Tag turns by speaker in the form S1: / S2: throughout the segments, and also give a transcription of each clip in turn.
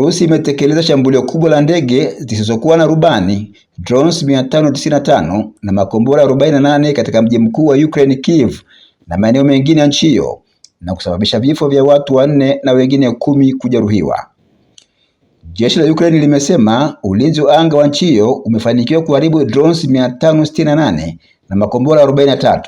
S1: Urusi imetekeleza shambulio kubwa la ndege zisizokuwa na rubani drones 595 na makombora 48 katika mji mkuu wa Ukraine Kiev na maeneo mengine ya nchi hiyo na kusababisha vifo vya watu wanne na wengine kumi kujeruhiwa. Jeshi la Ukraine limesema ulinzi wa anga wa nchi hiyo umefanikiwa kuharibu drones 568 na makombora 43.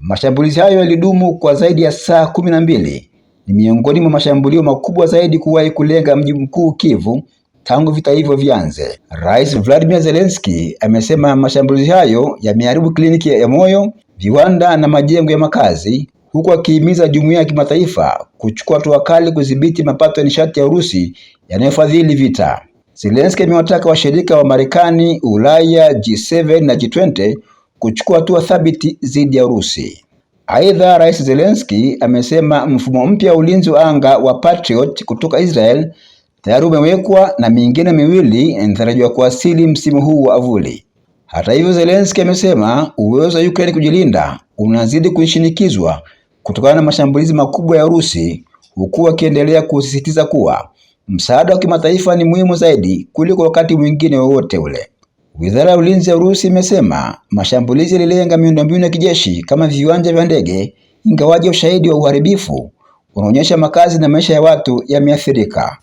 S1: Mashambulizi hayo yalidumu kwa zaidi ya saa kumi na mbili ni miongoni mwa mashambulio makubwa zaidi kuwahi kulenga mji mkuu Kivu tangu vita hivyo vianze. Rais Vladimir Zelensky amesema mashambulizi hayo yameharibu kliniki ya moyo, viwanda na majengo ya makazi, huku akihimiza jumuiya ya kimataifa kuchukua hatua kali kudhibiti mapato ya nishati ya Urusi yanayofadhili vita. Zelensky amewataka washirika wa Marekani, Ulaya, G7 na G20 kuchukua hatua thabiti dhidi ya Urusi. Aidha, Rais Zelensky amesema mfumo mpya wa ulinzi wa anga wa Patriot kutoka Israel tayari umewekwa na mingine miwili inatarajiwa kuwasili msimu huu wa avuli. Hata hivyo, Zelensky amesema uwezo wa Ukraine kujilinda unazidi kushinikizwa kutokana na mashambulizi makubwa ya Urusi, huku akiendelea kusisitiza kuwa msaada wa kimataifa ni muhimu zaidi kuliko wakati mwingine wowote ule. Wizara ya Ulinzi ya Urusi imesema mashambulizi yalilenga miundombinu ya kijeshi kama viwanja vya ndege, ingawaje ushahidi wa uharibifu unaonyesha makazi na maisha ya watu yameathirika.